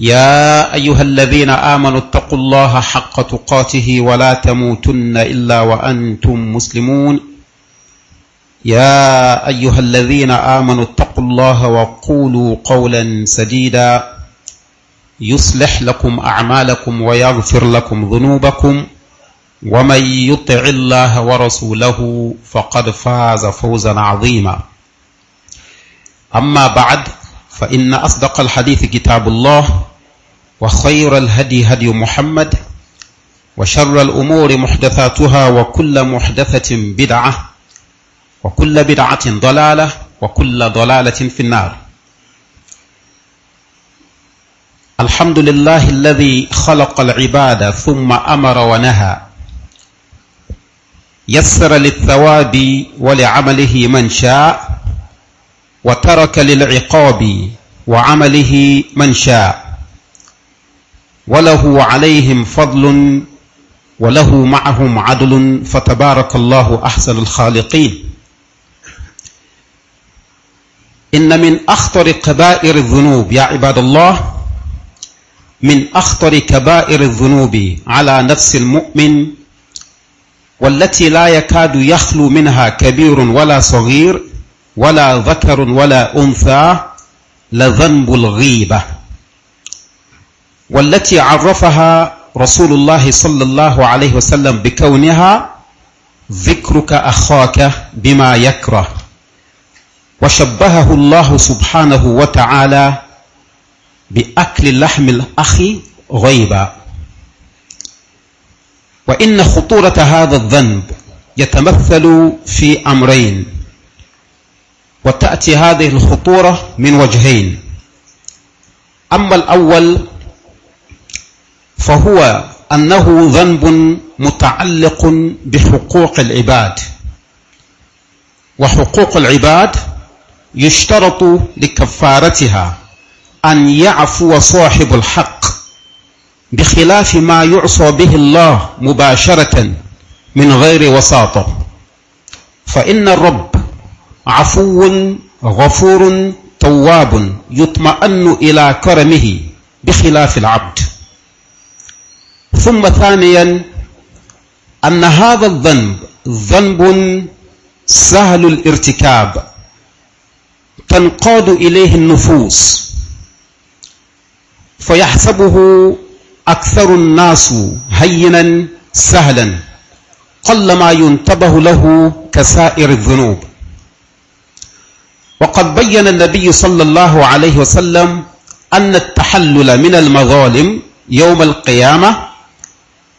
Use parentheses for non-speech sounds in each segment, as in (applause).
يا ايها الذين امنوا اتقوا الله حق تقاته ولا تموتن الا وانتم مسلمون يا ايها الذين امنوا اتقوا الله وقولوا قولا سديدا يصلح لكم اعمالكم ويغفر لكم ذنوبكم ومن يطع الله ورسوله فقد فاز فوزا عظيما اما بعد فإن أصدق الحديث كتاب الله وخير الهدي هدي محمد وشر الأمور محدثاتها وكل محدثة بدعة وكل بدعة ضلالة وكل ضلالة في النار الحمد لله الذي خلق العباد ثم أمر ونهى يسر للثواب ولعمله من شاء وترك للعقاب وعمله من شاء وله عليهم فضل وله معهم عدل فتبارك الله احسن الخالقين ان من اخطر كبائر الذنوب يا عباد الله من اخطر كبائر الذنوب على نفس المؤمن والتي لا يكاد يخلو منها كبير ولا صغير ولا ذكر ولا أنثى لذنب الغيبة والتي عرفها رسول الله صلى الله عليه وسلم بكونها ذكرك أخاك بما يكره وشبهه الله سبحانه وتعالى بأكل لحم الأخ غيبا وإن خطورة هذا الذنب يتمثل في أمرين وتأتي هذه الخطورة من وجهين أما الأول فهو أنه ذنب متعلق بحقوق العباد وحقوق العباد يشترط لكفارتها أن يعفو صاحب الحق بخلاف ما يعصى به الله مباشرة من غير وساطة فإن الرب عفو غفور تواب يطمئن إلى كرمه بخلاف العبد ثم ثانيا أن هذا الذنب ذنب سهل الارتكاب تنقاد إليه النفوس فيحسبه أكثر الناس هينا سهلا قل ما ينتبه له كسائر الذنوب وقد بين النبي صلى الله عليه وسلم أن التحلل من المظالم يوم القيامة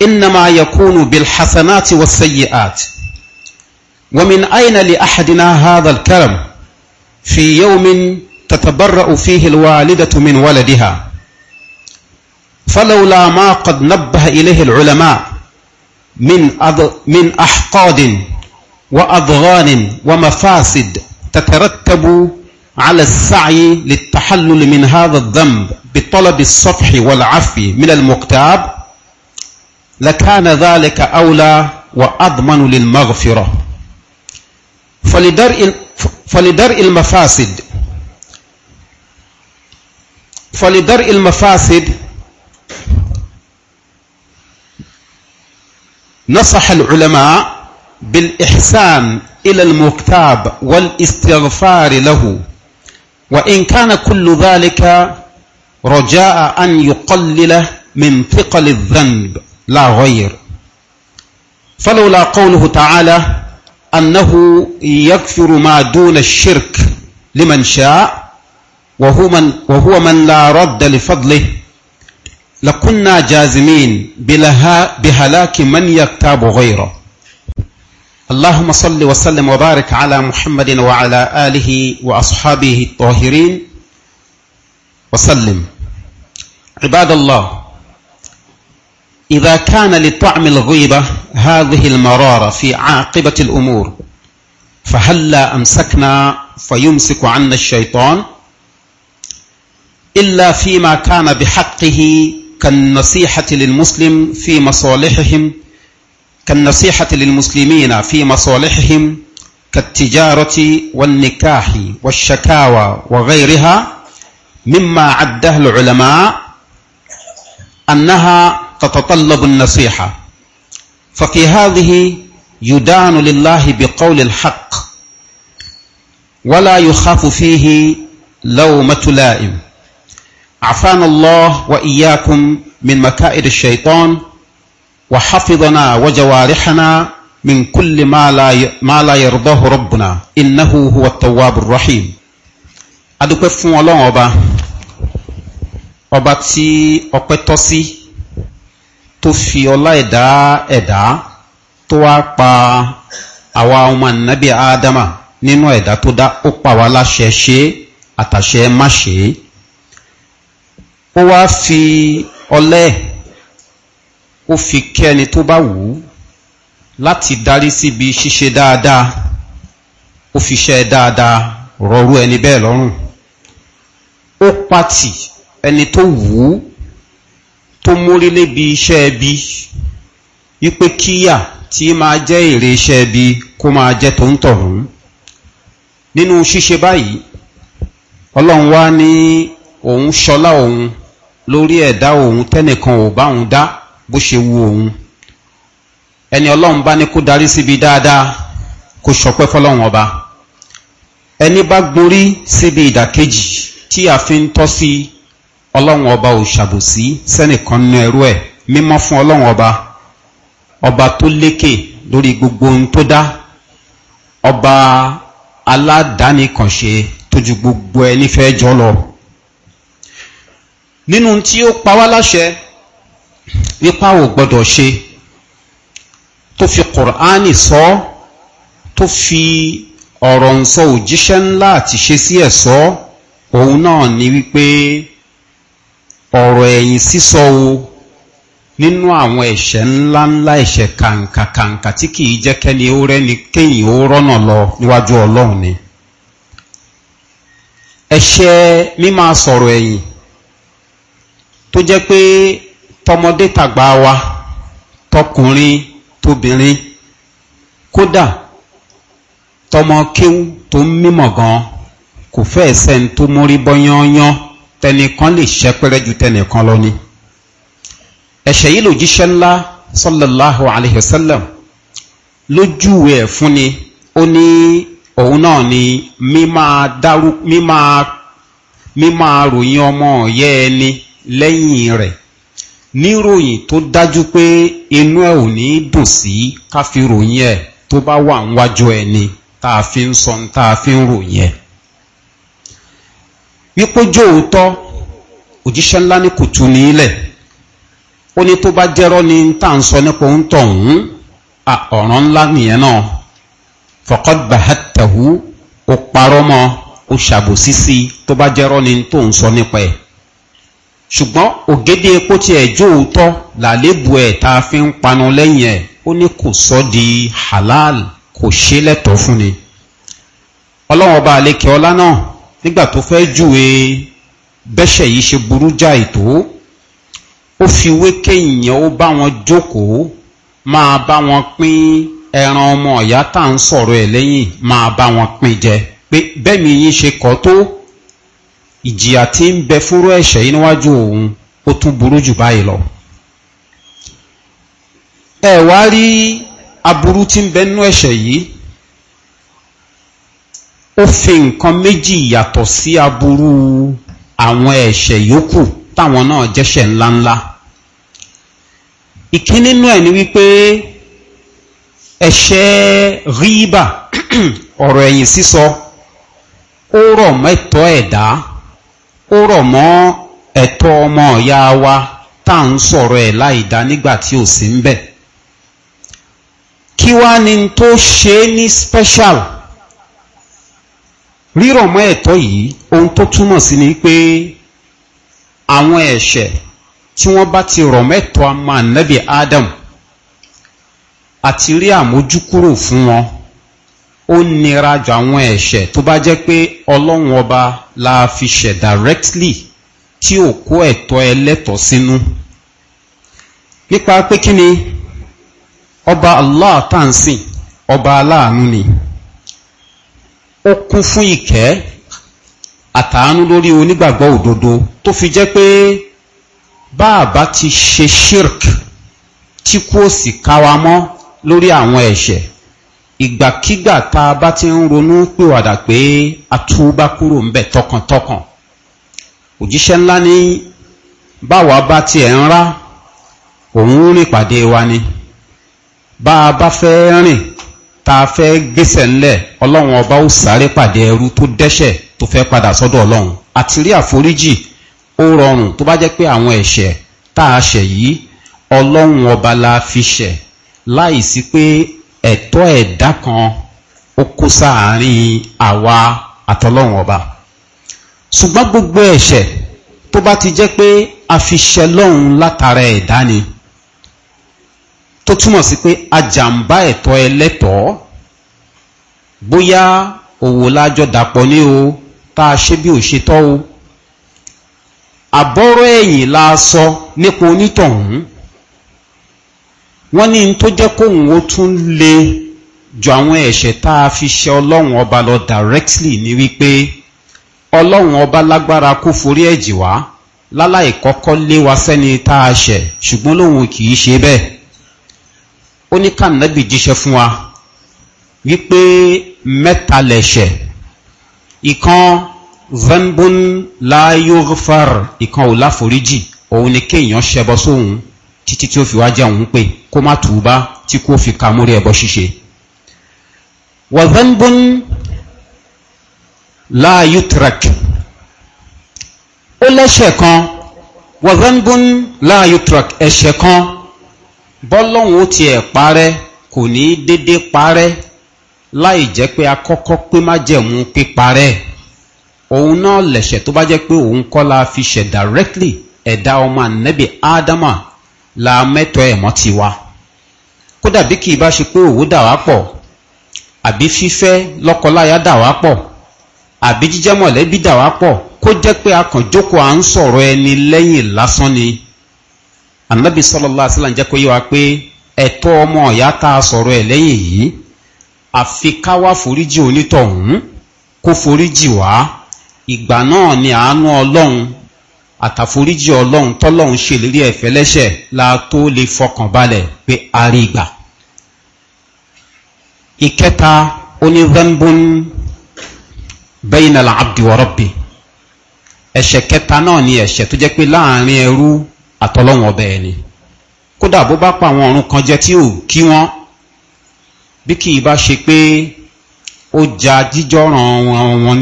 إنما يكون بالحسنات والسيئات ومن أين لأحدنا هذا الكرم في يوم تتبرأ فيه الوالدة من ولدها فلولا ما قد نبه إليه العلماء من من أحقاد وأضغان ومفاسد تترتب على السعي للتحلل من هذا الذنب بطلب الصفح والعفو من المغتاب لكان ذلك أولى وأضمن للمغفرة فلدرء فلدرء المفاسد فلدرء المفاسد نصح العلماء بالإحسان إلى المكتاب والاستغفار له وإن كان كل ذلك رجاء أن يقلل من ثقل الذنب لا غير فلولا قوله تعالى أنه يكفر ما دون الشرك لمن شاء وهو من, وهو من لا رد لفضله لكنا جازمين بهلاك من يكتاب غيره اللهم صل وسلم وبارك على محمد وعلى آله وأصحابه الطاهرين وسلم عباد الله إذا كان لطعم الغيبة هذه المرارة في عاقبة الأمور فهلا أمسكنا فيمسك عنا الشيطان إلا فيما كان بحقه كالنصيحة للمسلم في مصالحهم كالنصيحة للمسلمين في مصالحهم كالتجارة والنكاح والشكاوى وغيرها مما عده العلماء أنها تتطلب النصيحة ففي هذه يدان لله بقول الحق ولا يخاف فيه لومة لائم عفان الله وإياكم من مكائد الشيطان وحفظنا وجوارحنا من كل ما لا ما لا يرضاه ربنا إنه هو التواب الرحيم adúpẹ́ fún ọlọ́run ọba ọba tí ọpẹ́ tọ́ sí tó fi ọlá ẹ̀dá ẹ̀dá tó wá pa àwa ọmọ nàbí ádámà nínú ẹ̀dá tó dá ó pa wá láṣẹ ṣe àtàṣẹ má ṣe ó wá fi ọlẹ́ ẹ̀ ó fi kẹ́ni tó bá wù ú láti darí síbi ṣíṣe dáadáa ó fi ṣe dáadáa rọrú ẹni bẹ́ẹ̀ lọ́rùn ó pàtì ẹni tó wù ú tó mórí lébi iṣẹ́ ẹbí wípé kíyà tí máa jẹ́ èrè iṣẹ́ ẹbí kó máa jẹ́ tó nínú ṣíṣe báyìí ọlọ́run wá ní òun ṣọlá òun lórí ẹ̀dá òun tẹ́nìkan ò bá òun dá bó ṣe wu òun ẹni ọlọ́run bá ní kó darí síbi dáadáa kó ṣọpẹ́ fọlọ́run ọba ẹni bá gborí síbi ìdàkejì tí a fi ń tọ́ sí ọlọ́run ọba ò ṣàbòsí sẹ́nìkan nínú ẹrú ẹ̀ mímọ́ fún ọlọ́run ọba ọba tó lékè lórí gbogbo ohun tó dá ọba aládánìkànṣe tójú gbogbo ẹni fẹ́ jọ lọ nínú tí ó pa wá láṣẹ wípé àwọn ò gbọ́dọ̀ ṣe tó fi kùránì sọ tó fi ọ̀rọ̀ ń sọ òjíṣẹ́ ńlá àti ṣe sí ẹ̀sọ́ òun náà ni wípé ọ̀rọ̀ ẹ̀yìn sísọ o nínú àwọn ẹ̀ṣẹ̀ ńláńlá ẹ̀ṣẹ̀ kàǹkàkàǹkà tí kìí jẹ́ kẹ́ni ó rẹ́ni kéyìn ó rọ́nà lọ níwájú ọlọ́run ni ẹ̀ṣẹ̀ mímá sọ̀rọ̀ ẹ̀yìn tó jẹ́ pé tọmọdé tàgbà wa tọkùnrin tóbìnrin kódà tọmọ kéwú tó ń mímọ̀ gan kò fẹ́ ẹ̀sẹ̀ ń tó mórí bọ́yányán tẹnìkan lè ṣẹ́pẹ́rẹ́ ju tẹnìkan lọ ni ẹ̀ṣẹ̀ yìí lòjíṣẹ́ ńlá sallallahu alayhi sallam lójúwe ẹ̀ fún ni ó ní òun náà ni mímáa ròyìn ọmọ ọ̀yẹ́ ẹni lẹ́yìn rẹ̀ níròyìn tó dájú pé inú ẹ̀ ò ní dùn sí ká fi ròyìn ẹ̀ tó bá wà níwájú ẹni tá a fi ń sọ tá a fi ń ròyìn ẹ̀ wípójú òótọ́ òjíṣẹ́ ńlá ní kò tu ó ní tó bá jẹ́rọ́ ni tá à ń sọ nípa òun tọ̀hún ọ̀ràn ńlá nìyẹn náà fọ̀kọ́ gbàhátẹ̀hú ó parọ́ mọ́ ó ṣàbòsí sí tó bá jẹ́rọ́ ni tó ń sọ nípa ẹ̀ ṣùgbọ́n ògédé epo ti ẹ̀jọ́ òótọ́ làlébù ẹ̀ tá a fi ń panu lẹ́yìn ẹ̀ ó ní kò sọ́ di halal kò ṣe lẹ́tọ̀ fún ni ọlọ́run ọba àlekè ọlá náà nígbà tó fẹ́ júwe bẹ́ṣẹ̀ yìí ṣe burú já ètò ó fi wé kéèyàn ó bá wọn jókòó máa bá wọn pín ẹran ọmọ ọ̀yá tá à ń sọ̀rọ̀ ẹ̀ lẹ́yìn máa bá wọn pín jẹ pé bẹ́ẹ̀ mi yín ṣe kọ́ tó ìjìyà tí ń bẹ fúrú ẹ̀ṣẹ̀ yìí níwájú òun ó tún burú jù báyìí lọ ẹ wá rí aburú tí ń bẹ nínú ẹ̀ṣẹ̀ yìí ó fi nǹkan méjì yàtọ̀ sí aburú àwọn ẹ̀ṣẹ̀ yòókù táwọn náà jẹ́ṣẹ̀ ńláńlá ìkíní nínú ẹ̀ ni wípé ẹ̀ṣẹ́ ríbà (clears throat) ọ̀rọ̀ ẹ̀yìn sísọ ó rọ̀ mẹ́tọ́ ẹ̀dá. E ó rọ̀ mọ́ ẹ̀tọ́ ọmọ ọ̀yá wa tá à ń sọ̀rọ̀ ẹ̀ nigba nígbà tí ò sí ń bẹ̀. kí wá ni tó ṣe é ní special rírọ̀ mọ́ ẹ̀tọ́ yìí ohun tó túmọ̀ sí ni pé àwọn ẹ̀ṣẹ̀ tí wọ́n bá ti rọ̀ mẹ́tọ́ ọmọ ànábì adam àti rí àmójúkúrò fún wọn ó nira jù àwọn ẹ̀ṣẹ̀ tó bá jẹ́ pé ọlọ́run ọba la fi ṣẹ̀ directly tí ò kó ẹ̀tọ́ ẹlẹ́tọ̀ sínú nípa pé kí ni ọba allah tansi, ọba aláàánú ni ó kún fún ìkẹ́ àtàánú lórí onígbàgbọ́ òdodo tó fi jẹ́ pé báàbá ti ṣe shirk tí kú òsì káwa mọ́ lórí àwọn ẹ̀ṣẹ̀ ìgbàkígbà tá a bá ti ń ronú pèwàdà pé atúbá kúrò ń bẹ̀ tọkàntọkàn òjíṣẹ́ ńlá ní báwa bá tiẹ̀ ń rá òun rìn pàdé wa ni bá a bá fẹ́ rìn tá a fẹ́ gbèsè ńlẹ̀ ọlọ́run ọba ó sáré pàdé ẹrú tó dẹ́ṣẹ̀ tó fẹ́ padà sọ́dọ̀ ọlọ́run àti rí àforíjì ó rọrùn tó bá jẹ́ pé àwọn ẹ̀ṣẹ̀ tá a ṣẹ̀ yìí ọlọ́run ọba la fi ṣẹ̀ láìsí pé ẹ̀tọ́ ẹ̀dá kan ó kó sáàárín àwa àtọlọ́run ọba ṣùgbọ́n gbogbo ẹ̀ṣẹ̀ tó bá ti jẹ́ pé a fi ṣẹ lọ́hun látara ẹ̀dá ni tó túmọ̀ sí pé ajàmbá ẹ̀tọ́ ẹlẹ́tọ̀ọ́ bóyá òwò lájọ dàpọ̀ ní o tá a ṣe bí ò ṣe tọ́ o àbọ̀rọ̀ ẹ̀yìn la sọ nípa onítọ̀hún wọ́n ní tó jẹ́ kóhùn ó tún lè jọ àwọn ẹ̀ṣẹ̀ tá a fi ṣe ọlọ́run ọba lọ directly ni wípé ọlọ́run ọba lágbára kó forí ẹ̀jì wá láláì kọ́kọ́ lé wa sẹ́ni tá a ṣẹ̀ ṣùgbọ́n lòun kì í ṣe bẹ́ẹ̀ ó ní kànábì jíṣẹ́ fún wa wípé mẹ́ta lẹ̀ṣẹ̀ ìkan zambun láyófar ìkan ò láforíjì òun ni kéèyàn ṣẹbọ sóhun títí tí ó fi wá jẹun pé kó má tùúbá tí kó fi ka mórí ẹbọ ṣíṣe wàzánbón láàyè trek ó lẹ́ṣẹ̀ kan wàzánbón láàyè trek ẹ̀ṣẹ̀ kan bọ́lọ́hún ó tiẹ̀ parẹ́ kò ní dédé parẹ́ láì jẹ́ pé akọ́kọ́ pé má jẹ̀mú píparẹ́ òun náà lẹ̀ṣẹ̀ tó bá jẹ́ pé òun kọ́ la fi ṣẹ̀ directly ẹ̀dá ọmọ ànẹ́bì ádámà la mẹ́tọ̀ ẹ̀mọ́ ti wa kódà bí kì í bá ṣe pé òwú dà pọ̀ àbí fífẹ́ lọ́kọláya dà pọ̀ àbí jíjẹ́ mọ̀lẹ́bí dà pọ̀ kó jẹ́ pé akànjókòó à ń sọ̀rọ̀ ẹni lẹ́yìn lásán ni anabi sọlọ́lá kó wa pé ẹ̀tọ́ ọmọ ọ̀yá tá a sọ̀rọ̀ ẹ̀ lẹ́yìn yìí àfi ká wá àtàforíjì ọlọ́run tọ́lọ́run ṣèlérí ẹ̀fẹ́ lẹ́ṣẹ̀ la tó lè fọkàn balẹ̀ pé a rí ìgbà ìkẹta onídẹ́nbọ́n bẹ́yìnàlá abdiwọ́rọ́bì ẹ̀ṣẹ̀ kẹta náà ni ẹ̀ṣẹ̀ tó jẹ́ pé láàrin ẹrú àtọ́lọ́run ọbẹ̀ ẹni kódà bó bá pa àwọn ọ̀run kan jẹ tí ò kí wọ́n bí kì í bá ṣe pé ó ja jíjọ́ràn wọn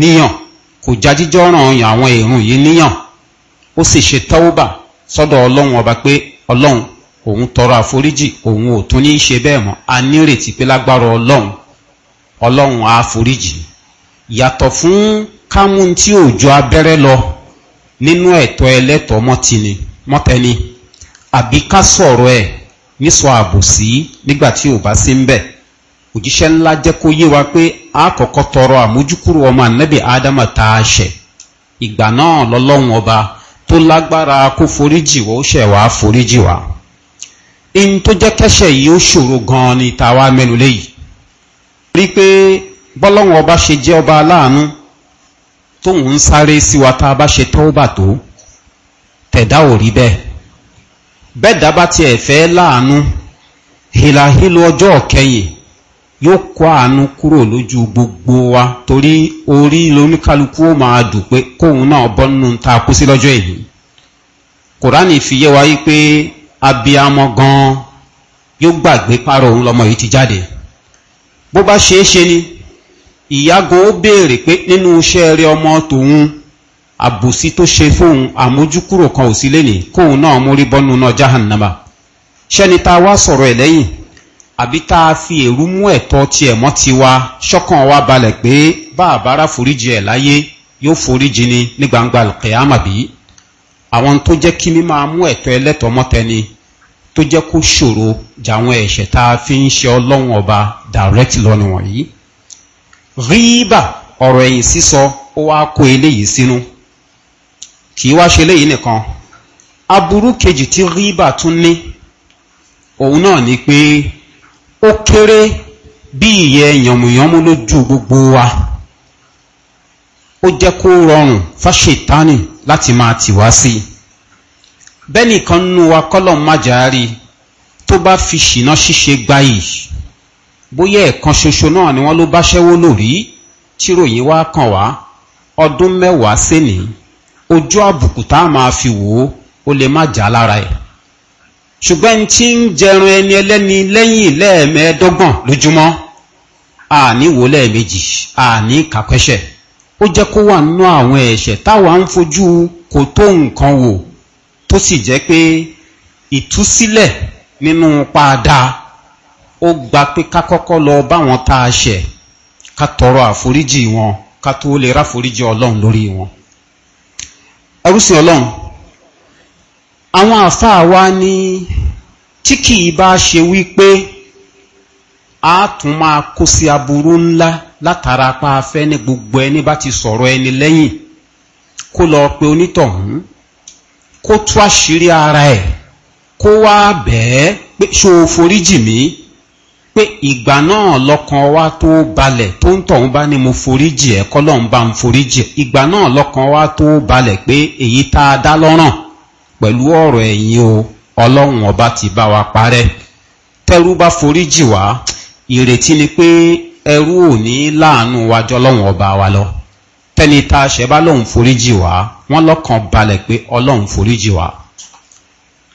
níyàn kò já jíjọ́ràn àwọn èrùn yìí níyàn ó sì ṣe tọ́wọ́bà sọ́dọ̀ ọlọ́run ọba pé ọlọ́run òun tọrọ àforíjì òun ò tún ní í ṣe bẹ́ẹ̀ mọ́ a nírètí pé lágbára ọlọ́run ọlọ́run á foríjì yàtọ̀ fún kámú tí òjò abẹ́rẹ́ lọ nínú ẹ̀tọ́ ẹlẹ́tọ̀ mọ́tìní mọ́tẹ́ni àbí ká sọ̀rọ̀ ẹ̀ nísọ àbòsí nígbà tí ò bá sí ń bẹ̀ òjíṣẹ́ ńlá jẹ́ kó yé wa pé a kọ́kọ́ tọrọ àmójúkúrò ọmọ ànábì ádámà tá a ṣẹ̀ ìgbà náà lọ́lọ́run ọba tó lágbára kó foríjì wá ó ṣẹ̀ wá foríjì wá in tó jẹ́ kẹ́ṣẹ̀ yìí ó ṣòro gan-an ni tàwa mẹ́nu léyìí rí pé bọ́lọ́wọ́n ọba ṣe jẹ́ ọba aláàánú tóun ń sáré sí tá a bá ṣe tọ́wọ́bà tó tẹ̀dá ò rí bẹ́ẹ̀ bẹ́ẹ̀dá bá tiẹ̀ fẹ́ láàánú hìlàhílo ọjọ́ kẹyìn yóò kó àánú kúrò lójú gbogbo wa torí orí lóníkálukú ó máa dùn pé kóun náà bọ́nú ta kú sí lọ́jọ́ èyí kòránì fi yé wa yí pé abiyamọ gan yóò gbàgbé párọ̀ òun lọmọ yìí ti jáde bó bá ṣeé ṣe ni ìyágo ó béèrè pé nínú iṣẹ́ rẹ ọmọ tòun àbòsí tó ṣe fóun àmójúkúrò kan ò sí lénìí kóun náà mórí bọ́nú náà jahannama ṣẹ́ni tá a wá sọ̀rọ̀ ẹ̀ lẹ́yìn àbí tá a fi èrú mú ẹ̀tọ́ tiẹ̀ mọ́ ti wa ṣọ́kàn wa balẹ̀ pé bá àbára foríjì ẹ̀ láyé yóò foríjì ni ní gbangba kẹ̀yàmà bí àwọn tó jẹ́ kí mi máa mú ẹ̀tọ́ ẹlẹ́tọ̀ mọ́tẹni tó jẹ́ kó ṣòro jàwọn ẹ̀ṣẹ̀ tá a fi ń ṣe ọlọ́run ọba direct lọ́nà wọ̀nyí ríbà ọ̀rọ̀ ẹ̀yìn sísọ ó wá kó eléyìí sínú kì í wá ṣe léyìí nìkan aburú kejì tí ríbà tún ní òun náà ni pé ó kéré bí ìyẹ yànmùyánmú lójú gbogbo wa ó jẹ́ kó rọrùn fáṣetánì láti máa tì wá sí i bẹ́ẹ̀ni kan nínú wa kọ́lọ̀ májàárì tó bá fi ṣìná ṣíṣe gbayì bóyá ẹ̀kan ṣoṣo náà ni wọ́n ló bá ṣẹ́wó lórí tí wá kàn wá ọdún mẹ́wàá sénìí ojú àbùkù tá a máa fi wò ó ó lè má jà lára ẹ̀ ṣùgbọ́n tí ń jẹrun ẹni ẹlẹ́ni lẹ́yìn lẹ́ẹ̀mẹ́ẹ́dọ́gbọ̀n lójúmọ́ àní wò lẹ́ẹ̀mejì àní kàkẹ́ṣẹ̀ ó jẹ́ kó wà nínú àwọn ẹ̀ṣẹ̀ táwa ń fojú kò tó nǹkan wò tó sì jẹ́ pé ìtúsílẹ̀ nínú paada ó gba pé ká kọ́kọ́ lọ báwọn tá a ṣẹ̀ ká tọrọ àforíjì wọn ká tó lè ráforíjì ọlọ́run lórí wọn ẹrú sí ọlọ́run àwọn àfáà wa ní tí kìí bá ṣe wípé a tún máa kó sí aburú ńlá látara pa afẹ́ ní gbogbo ẹni bá ti sọ̀rọ̀ ẹni lẹ́yìn kó lọ pe onítọ̀hún kó tú àṣírí ara ẹ̀ kó wá bẹ̀ẹ́ pé ṣó o foríjì mí pé ìgbà náà lọ́kàn wa tó balẹ̀ tó ń tọ̀hún bá ní mo foríjì ẹ̀ kọ́lọ́n bá ń foríjì ìgbà náà lọ́kàn wa tó balẹ̀ pé èyí tá a dá lọ́ràn pẹ̀lú ọ̀rọ̀ ẹ̀yìn o ọlọ́run ọba ti bá wa parẹ́ tẹ́rú bá forí jì wá ìrètí ni pé ẹrú ò ní láàánú wájú ọlọ́run ọba wa lọ tẹ́ni tá a ṣe bá lóun forí jì wá wọ́n lọ́kàn balẹ̀ pé ọlọ́run forí jì wá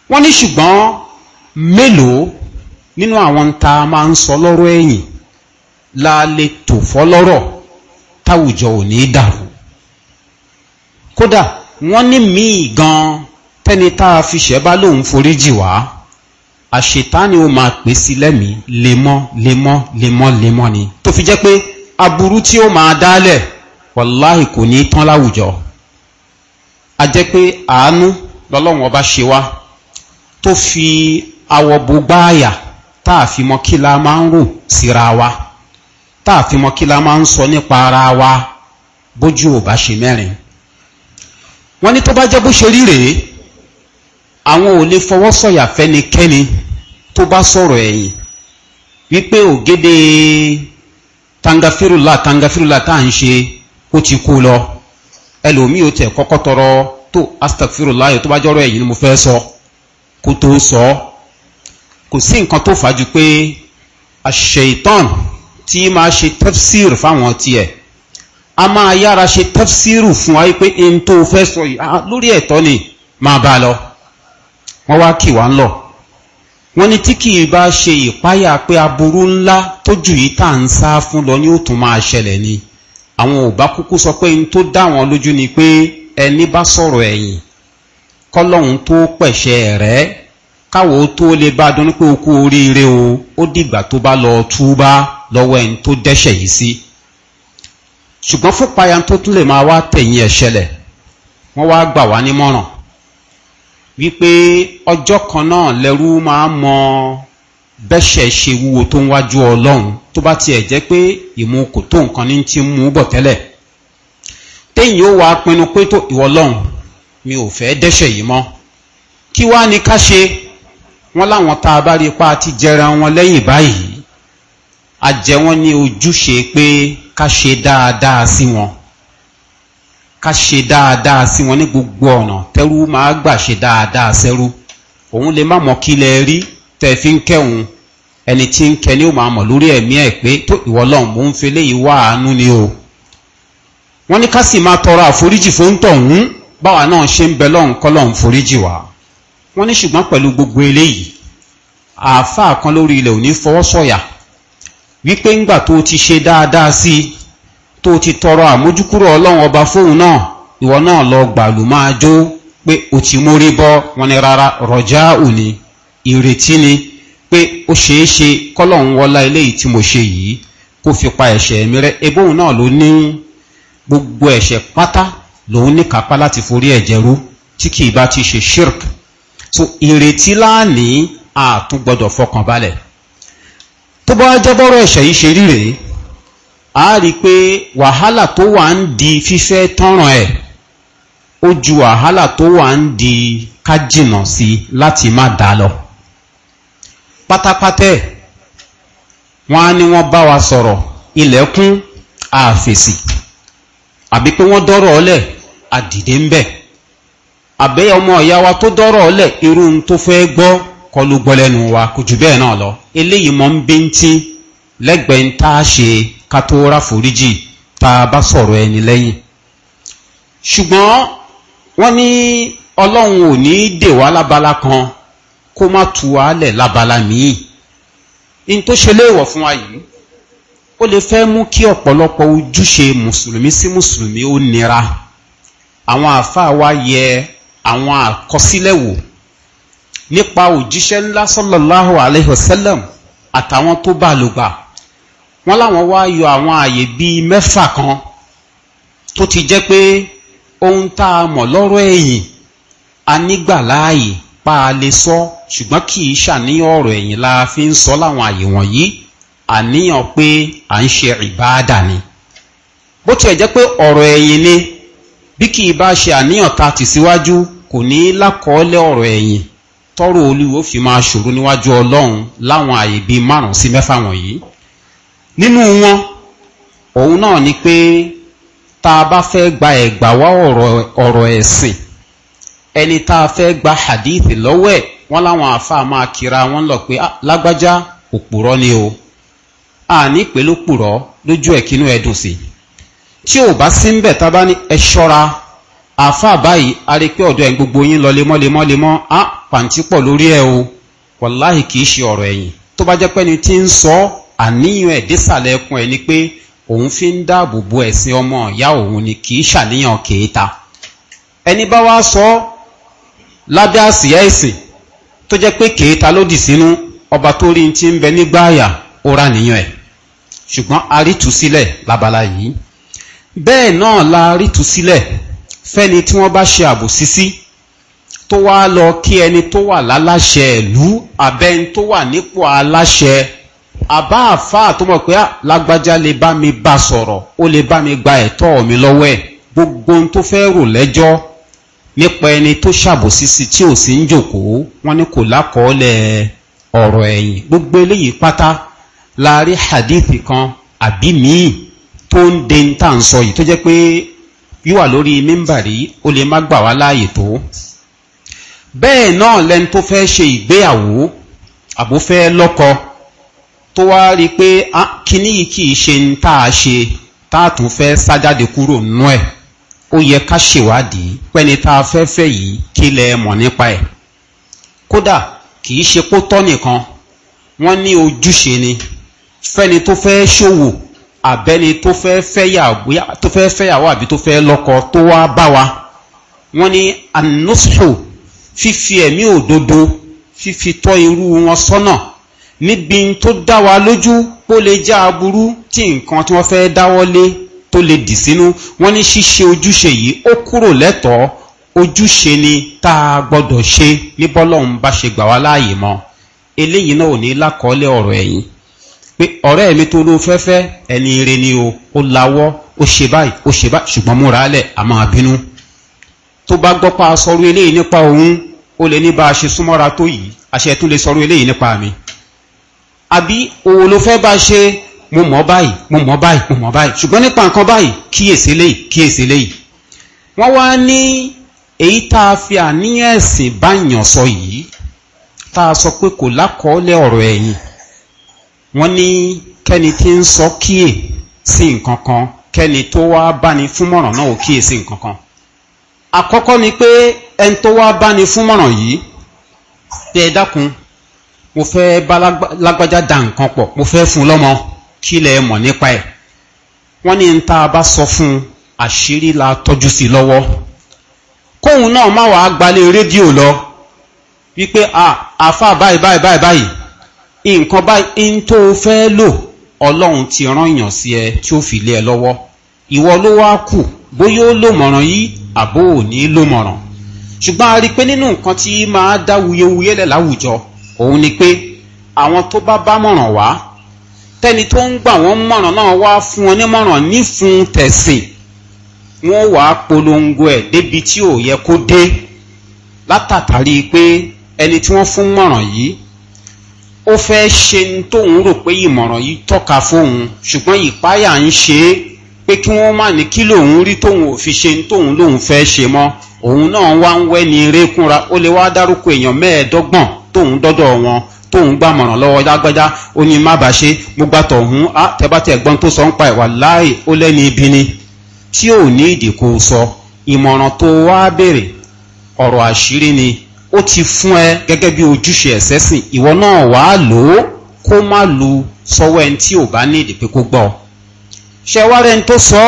wọ́n ní ṣùgbọ́n mélòó nínú àwọn ta máa ń sọ lọ́rọ̀ ẹ̀yìn la lè tò fọ́lọ́rọ̀ táwùjọ ò ní dàrú kódà wọ́n ní míì gan-an tẹ́ni tá a fi ṣẹ̀ bá lóun forí jì wá àṣetáni ó máa pè sí lẹ́mí lemọ́ lemọ́ lemọ́ lemọ́ ni tó fi jẹ́ pé aburú tí ó máa dálẹ̀ wàláhì kò ní tán láwùjọ a jẹ́ pé àánú lọ́lọ́run ọba ṣe wá tó fi awọ bo gbáàyà tá a fi mọ kí la máa ń rò síra wa tá a fi mọ kí la máa ń sọ nípa ara wa bójú ò bá ṣe mẹ́rin wọ́n ní tó bá jẹ́ bó ṣe rí rèé àwọn ò lè fọwọ́ sọ̀yà fẹ́nikẹ́ni tó bá sọ̀rọ̀ ẹ̀yìn wípé ògede tangafirula tangafirula tá à ń ṣe ó ti kú lọ ẹlòmíì ó tẹ̀ kọ́kọ́ tọrọ tó astagfirula yìí tó bá jọ́rọ̀ ẹ̀yìn ni mo fẹ́ sọ kó tó sọ kò sí nǹkan tó fàájú pé àṣeyìtàn tí máa ṣe tẹ́fsìr fáwọn tiẹ̀ a máa yára ṣe tẹ́fsìr fún wa wípé n tó fẹ́ sọ yìí lórí ẹ̀tọ́ ni máa bá a lọ wọ́n wá kì wá ń lọ wọ́n ní tí kì í bá ṣe ìpáyà pé aburú ńlá tó jù yìí tá à ń sá fún lọ ní ó tún máa ṣẹlẹ̀ ni àwọn ò bá kúkú sọ pé n tó dá wọn lójú ni pé ẹni bá sọ̀rọ̀ ẹ̀yìn kọ́lọ́hún tó pẹ̀ṣẹ̀ rẹ̀ káwọ́ tó lè bá dún pé o kú oríire o ó dìgbà tó bá lọ túbá lọ́wọ́ ẹni tó dẹ́ṣẹ̀ yìí sí ṣùgbọ́n fún payà tó tún lè máa wá tẹ̀yìn ẹ̀ṣẹlẹ̀ wọ́n wá gbà wá nímọ̀ràn wípé ọjọ́ kan náà lẹ́rú máa mọ bẹ́ṣẹ̀ ṣe wúwo tó ń wájú ọlọ́run tó bá tiẹ̀ jẹ́ pé ìmú kò tó nǹkan ní ti mú bọ̀ tẹ́lẹ̀ téyìn ó wá pinnu pé tó ìwọ ọlọ́run mi ò fẹ́ dẹ́ṣẹ̀ yìí mọ́ kí wá ní ká ṣe wọ́n láwọn tá a bá rí ipa ti jẹra wọn lẹ́yìn báyìí a jẹ wọ́n ní ojúṣe pé ká ṣe dáadáa sí wọn ká ṣe dáadáa sí wọn ní gbogbo ọ̀nà tẹ́rú máa gbà ṣe dáadáa sẹ́rú òun lè má mọ̀ kí lẹ rí tẹ́ fi ń kẹ́hùn ẹni tí ń kẹ ní ó máa mọ̀ lórí ẹ̀mí ẹ̀ pé tó ìwọ lọ́n mò ń fi léyìí wá àánú ni o wọ́n ní ká sì máa tọrọ àforíjì fún tọ̀hún báwa náà ṣe ń bẹ lọ́hùn kọ́ lọ́hùn foríjì wá wọ́n ní ṣùgbọ́n pẹ̀lú gbogbo eléyìí àáfàá kan lórí ilẹ̀ òní fọwọ́ wípé ńgbà tó ti ṣe dáadáa sí i tó ti tọrọ àmójúkúrò ọlọ́run ọba fóun náà ìwọ náà lọ gbàlù máa jó pé o ti mórí bọ́ wọn ni rárá rọjá òní ìrètí ni pé ó ṣeé ṣe kọ́lọ́run wọlá eléyìí tí mo ṣe yìí kó fi pa ẹ̀ṣẹ̀ mi rẹ́ ebóun náà ló ní gbogbo ẹ̀ṣẹ̀ pátá lòun ní kápá láti forí ẹ̀jẹ̀ rú tí kì í bá ti ṣe shirk so ìrètí láàní àtúngbọ́dọ̀ fọkàn balẹ̀ tó bá jẹ́ bọ́rọ̀ ẹ̀ṣẹ̀ yìí ṣe rí rèé a rí pé wàhálà tó wà ń di fífẹ́ tọ́ràn ẹ̀ ó ju wàhálà tó wà ń di kájìnà sí láti má dá lọ pátápátá wọ́n á ní wọ́n bá wa sọ̀rọ̀ ilẹ̀kùn àfèsì àbí pé wọ́n dọ́rọ̀ ọlẹ̀ àdìdé ń bẹ̀ àbẹ́ ọmọ ìyá wa tó dọ́rọ̀ ọlẹ̀ irú tó fẹ́ gbọ́ kọlu gbọ́lẹ́nu wa kò jù bẹ́ẹ̀ náà lọ eléyìí mọ́ ń bí ń tí lẹ́gbẹ̀ẹ́ ń tá a ṣe ká tó ráforíjì tá a bá sọ̀rọ̀ ẹni lẹ́yìn ṣùgbọ́n wọ́n ní ọlọ́run ò ní dè wá lábala kan kó má tu wá lẹ̀ lábala míì in tó ṣe léèwọ̀ fún wa yìí ó lè fẹ́ mú kí ọ̀pọ̀lọpọ̀ ojúṣe mùsùlùmí sí mùsùlùmí ó nira àwọn àáfàá wa yẹ àwọn àkọsílẹ̀ wò nípa òjíṣẹ́ ńlá sọ́lọ́láhùn aláìhùsẹ́lẹ̀m àtàwọn tó bá lò wọ́n láwọn wá yọ àwọn àyè bíi mẹ́fà kan tó ti jẹ́ pé ohun tá a mọ̀ lọ́rọ̀ ẹ̀yìn a nígbà láàyè pa a lè sọ ṣùgbọ́n kì í ṣàníyàn ọ̀rọ̀ ẹ̀yìn la fi ń sọ láwọn àyè wọ̀nyí àníyàn pé à ń ṣe ìbáàdà ni bó tiẹ̀ jẹ́ pé ọ̀rọ̀ ẹ̀yìn ni bí kì í bá ṣe àníyàn ta tì kò ní lákọọ́lẹ̀ ọ̀rọ̀ ẹ̀yìn tọ́rọ̀ olúwo fi máa ṣòro níwájú ọlọ́run láwọn àyè bíi márùn-ún sí mẹ́fà wọ̀nyí nínú wọn òun náà ni pé tá a bá fẹ́ gba ẹ̀gbà wá ọ̀rọ̀ ẹ̀sìn ẹni tá fẹ́ gba hadithi lọ́wọ́ ẹ̀ wọ́n láwọn àáfàá máa kira wọn lọ pé ah, lágbájá òpùrọ́ ni o àní pẹ̀lú pùrọ́ lójú ẹ̀kínú ẹ̀dùn sí tí ò bá sí ń bẹ̀ tá a bá ní ẹ ṣọ́ra àfà báyìí a rí pé ọ̀dọ̀ ẹ̀ gbogbo yín lọ lemọ́ lemọ́ lemọ́ á ah, pàǹtí pọ̀ lórí ẹ̀ o wàláhì kìí ṣe ọ̀rọ̀ ẹ̀yìn tó bá jẹ́ pẹ́ni tí ń sọ àníyàn ẹ̀ désàlẹ̀ ẹkùn ẹ̀ ni pé òun fi ń dáàbò bo ẹ̀sìn ọmọ ìyá òun ni kì í ṣàníyàn kèéta ẹni bá wá sọ lábẹ́ àsìyá ẹ̀sìn tó jẹ́ pé kèéta lòdì sínú ọba tó rí ti ń bẹ nígbà àyà ó rà níyàn ẹ̀ ṣùgbọ́n a rí tú sílẹ̀ labala yìí bẹ́ẹ̀ náà la rí tú sílẹ̀ fẹ́ni tí wọ́n bá ṣe àbòsí sí tó wá lọ kí ẹni tó wà láláṣẹ ìlú àbẹ́ni tó wà nípò aláṣẹ àbá àfáà tó mọ̀ pé ah, lágbájá lè bá mi bá sọ̀rọ̀ ó lè bá mi gba ẹ̀tọ́ mi lọ́wọ́ ẹ̀ gbogbo ohun tó fẹ́ rò lẹ́jọ́ nípa ẹni tó ṣàbòsí sí tí ò sí ń jòkóó wọ́n ní kò lákọọ́lẹ̀ ọ̀rọ̀ ẹ̀yìn gbogbo eléyìí pátá láàrin hadithi kan àbí míì tó ń de ń tà ń sọ yìí tó jẹ́ pé wíwà lórí mímbàrí ó lè má gbà wá láàyè tó bẹ́ẹ̀ náà lẹni tó fẹ́ ṣe ìgbéyàwó àbó lọ́kọ̀ọ́ tó wá rí pé ah, kíní yìí kìí ṣe ń tá a ṣe tá a tún fẹ́ sájáde kúrò nú ẹ̀ ó yẹ ká ṣèwádìí pẹ́ni tá a fẹ́ fẹ́ yìí kí lẹ mọ̀ nípa ẹ̀ kódà kìí ṣe kó tọ́ nìkan wọ́n ní ojúṣe ni fẹ́ni tó fẹ́ ṣòwò àbẹ́ni tó fẹ́ fẹ́yàwó àbí tó fẹ́ lọ́kọ tó wá bá wa wọ́n ní anusho fífi ẹ̀mí òdodo fífi tọ́ irú wọn sọ́nà. So níbi tó dá wa lójú ó lè já aburú tí nǹkan tí wọ́n fẹ́ dáwọ́lé tó lè dì sínú wọ́n ní ṣíṣe ojúṣe yìí ó kúrò lẹ́tọ̀ọ́ ojúṣe ni tá a gbọ́dọ̀ ṣe ní bọ́lọ́hún bá ṣe gbà wá láàyè mọ́ eléyìí náà ò ní lákọọ́lẹ̀ ọ̀rọ̀ ẹ̀yìn pé ọ̀rẹ́ mi tó ló fẹ́fẹ́ ẹni ire ni o ó lawọ́ ó ṣe báyìí ó ṣe báyìí ṣùgbọ́n múra alẹ̀ àmọ́ àbínú tó bá gbọ́ pa sọrú eléyìí nípa òun ó lè ní bá a ṣe súnmọ́ra tó yìí àṣẹ tún lè sọrú eléyìí nípa mi àbí òwò fẹ́ bá ṣe mo mọ̀ báyìí mo mọ̀ báyìí mo mọ̀ báyìí ṣùgbọ́n nípa nǹkan báyìí kíyèsí léyìí kíyèsí léyìí wọ́n wá ní èyí tá a fi àníyàn ẹ̀sìn báyàn sọ yìí tá a sọ pé kò lákọọ́lẹ̀ ọ̀rọ̀ ẹ̀yìn wọ́n ní kẹ́ni tí ń sọ kíyè sí nǹkan kan kẹ́ni tó wá báni fúnmọ̀ràn náà ò kíyè sí nǹkan kan àkọ́kọ́ ni pé ẹni tó wá báni fúnmọ̀ràn yìí bí ẹ dákun mo fẹ́ bá lágbájá dà nǹkan pọ̀ mo fẹ́ fún un lọ́mọ kí lẹ mọ̀ nípa ẹ̀ wọ́n ní ta bá sọ fún àṣírí la tọ́jú sí lọ́wọ́ kóhun náà má wàá gbalé rédíò lọ wípé àfa báyìí báyìí báyìí báyìí nǹkan báyìí ń tó fẹ́ lò ọlọ́run ti rán èèyàn sí ẹ tí ó fi lé ẹ lọ́wọ́ ìwọ ló wá kù bóyá ó lòmọ̀ràn yìí àbó ò ní lòmọ̀ràn ṣùgbọ́n a rí i pé nínú nǹkan tí máa dá wuyewuye lẹ̀ láwùjọ òun ni pé àwọn tó bá bá mọ̀ràn wá tẹ́ni tó ń gbà wọ́n mọ̀ràn náà wá fún wọn nímọ̀ràn nífun tẹ̀sìn wọ́n wà á polongo ẹ̀ débi tí ò yẹ kó dé látàtàrí pé ẹni tí wọ́n fún mọ̀ràn yìí ó fẹ́ ṣe ní tóun rò pé ìmọ̀ràn yìí tọ́ka fóun ṣùgbọ́n ìpáyà ń ṣe é pé kí wọ́n má ní kí lòun rí tóun ò fi ṣe ní tóun lòun fẹ́ ṣe mọ́ òun náà wá ń wẹ́ ní eré kúnra ó lè wá dárúkọ èèyàn mẹ́ẹ̀ẹ́dọ́gbọ̀n tóun dọ́dọ̀ wọn tóun gbàmọ̀ràn lọ́wọ́ lágbájá ó ní má bàá ṣe mo gba tọ̀hún á tẹ́bátẹ́ ẹ̀gbọ́n tó sọ ń pa ìwà láì ó lẹ́ni ibi ni tí ò ní ìdìkò sọ ìmọ̀ràn tó wá béèrè ọ̀rọ̀ àṣírí ni ó ti fún ẹ gẹ́gẹ́ bí ojúṣe ẹ̀sẹ́sìn ìwọ náà wàá lò ó kó má lu sọ́wọ́ ẹni tí ò bá ní ìdìpé kó gbọ́ ṣe wá rẹni tó sọ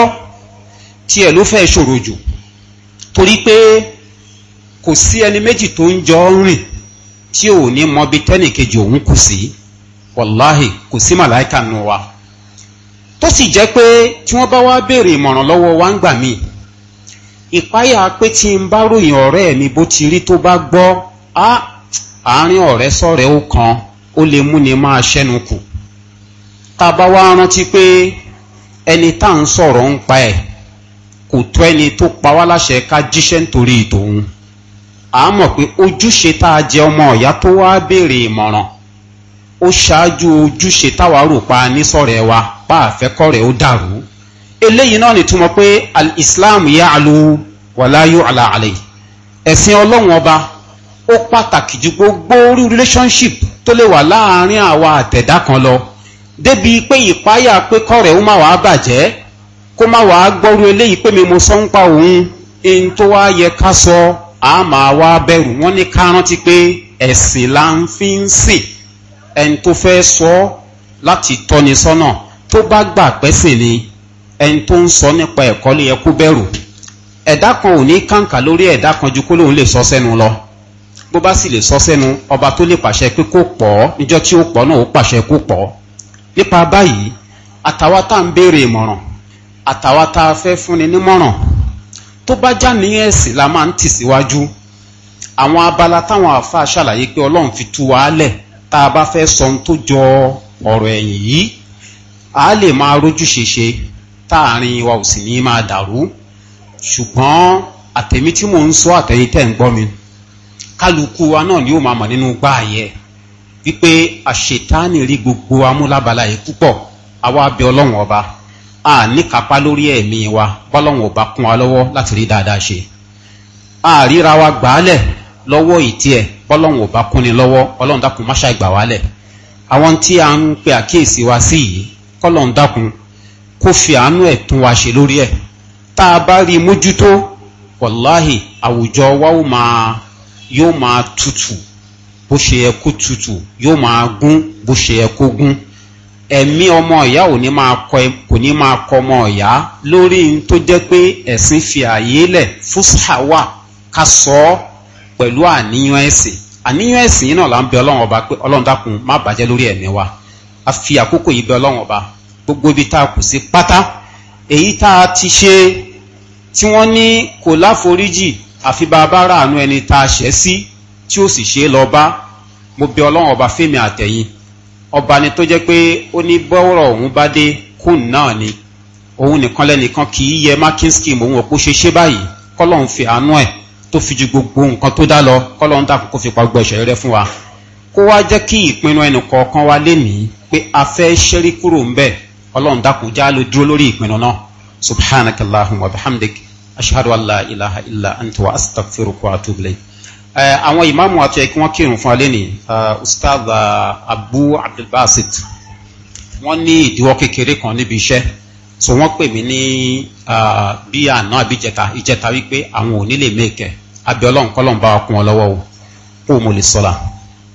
tiẹ̀ ló fẹ́ ṣòro jù torí pé kò sí ẹni méjì tó ń jọ ń rìn tí ò ní mọbi tẹ́nìkejì òun kù sí wàláhì kò sí màláìka nù wa tó sì jẹ́ pé tí wọ́n bá wá béèrè ìmọ̀ràn lọ́wọ́ wa ń gbà mí ìpáyà pé tí n bá ròyìn ọ̀rẹ́ mi bó ti rí tó bá gbọ́ á àárín ọ̀rẹ́ sọ̀rẹ́ ó kan ó lè múni máa ṣẹ́nu kù tá a bá wá rántí pé ẹni tá à ń sọ̀rọ̀ ń pa ẹ̀ kò tó ẹni tó pa wá láṣẹ ká jíṣẹ́ nítorí tòun a mọ̀ pé ojúṣe tá a jẹ ọmọ ọ̀yá tó wá béèrè ìmọ̀ràn ó ṣáájú ojúṣe táwa rò pa nísọ̀rẹ́ wa pa àfẹ́kọ̀rẹ́ ó dàrú eléyìí náà ni túmọ̀ pé islam yà á wàláyò àlàalẹ̀ ẹ̀sìn ọlọ́run ọba ó pàtàkì ju gbogbo orí relationship tó lè wà láàárín àwa àtẹ̀dá kan lọ débi pé ìpáyà pé kọ́rẹ̀ ó má wàá bàjẹ́ kó má wàá gbọ́rú eléyìí pé mi mo sọ ń pa òun ẹni tó wá yẹ ká sọ a máa wá bẹ̀rù wọ́n ní ká rántí pé ẹ̀sìn la ń fi ń sìn ẹni tó fẹ́ sọ ọ́ láti tọ́ni sọ́nà tó bá gbà pẹ́sìn ni ẹni tó ń sọ nípa ẹ̀kọ́ lè yẹ kó bẹ̀rù ẹ̀dá kan ò ní kàǹkà lórí ẹ̀dá kan ju kó lóun lè sọ sẹ́nu lọ bó bá sì lè sọ sẹ́nu ọba tó lè pàṣẹ pé kó pọ̀ ọ́ níjọ́ tí ó pọ̀ náà ó pàṣẹ kó pọ̀ ọ́ nípa báyìí àtàwa à ń béèrè ìmọ̀ràn àtàwa tá a fẹ́ fúnni nímọ̀ràn tó bá já ní ẹ̀sìn la máa ń tì síwájú àwọn abala táwọn àáfàá ṣàlàyé pé ọlọ́run fi tú wa lẹ̀ tá a bá fẹ́ sọ ohun tó jọ ọ̀rọ̀ ẹ̀yìn yìí a lè máa rójú ṣeṣe táàrin wa ò sì ní máa dàrú ṣùgbọ́n àtẹ̀mí tí mò ń sọ àtẹ̀yìn tẹ̀ ń gbọ́ mi kálukú wa náà ni ó máa mọ̀ nínú gbá ayẹ wípé àṣetánì rí gbogbo amúlábala yìí púpọ̀ àwa abẹ ọlọ́run ọba a níkapá lórí ẹ̀mí wa bọ́lọ́wọ̀n ọba kún wa lọ́wọ́ láti rí dáadáa ṣe a ríra wa gbàálẹ̀ lọ́wọ́ ìtí ẹ̀ bọ́lọ́wọ̀n ọba kún ni lọ́wọ́ ọlọ́run dákun máṣá ìgbà wálẹ̀ àwọn tí a ń pe àkíyèsí wa sí yìí kọ́lọ́run dákun kó fi àánú ẹ̀ tún wa ṣe lórí ẹ̀ tá a bá rí mójútó wàláhì àwùjọ wa ó máa yóò máa tutù bó ṣe yẹ kó tutù yóò máa gún bó ṣe yẹ kó gún ẹ̀mí ọmọ ọ̀yá ò ní máa kọ kò ní máa kọ ọmọ ọ̀yá lórí n tó jẹ́ pé ẹ̀sìn fi àyè lẹ̀ fúsà wà ká sọ ọ́ pẹ̀lú àníyàn ẹ̀sìn àníyàn ẹ̀sìn yìí náà là ń bẹ ọlọ́run ọba pé ọlọ́run dákun má bàjẹ́ lórí ẹ̀mí wa a fi àkókò yìí bẹ ọlọ́run ọba gbogbo ibi tá a kù sí pátá èyí tá a ti ṣe tí wọ́n ní kò láforíjì àfi bá a bá ráàánú ẹni tá a ṣẹ̀ sí tí ó sì ṣe é lọ bá mo bẹ ọlọ́run ọba fẹ́mi àtẹ̀yìn ọba ni tó jẹ́ pé ó ní bọ́wọ́rọ̀ òun bá dé kún náà ni òun nìkan lẹ́nìkan kì í yẹ makinski òun òpó ṣe ṣe báyìí kọ́lọ́hún fi àánú ẹ̀ tó fi ju gbogbo nǹkan tó dá lọ kọ́lọ́hún dàkú kó fi pa gbogbo ẹ̀ṣẹ̀ rẹ fún wa kó wá jẹ́ kí ìpinnu ẹnì kọ̀ọ̀kan wa lé nìí pé a fẹ́ ṣẹ́rí kúrò ń bẹ̀ ọlọ́run dàkú já ló dúró lórí ìpinnu náà subhanakallahumma wa bihamdik ashhadu ilaha illa anta wa astaghfiruka wa atubu àwọn ìmáàmù àti ẹ̀kí wọ́n kírùn fún alẹ́ ní ustaz abu abdulbasit wọ́n ní ìdíwọ́ kékeré kan níbi iṣẹ́ so wọ́n pè mí ní bí àná àbí ìjẹta ìjẹta wípé àwọn ò nílè mẹ́kẹ̀ abẹ́ ọlọ́run bá wa kún ọ lọ́wọ́ kó mo lè sọ́la.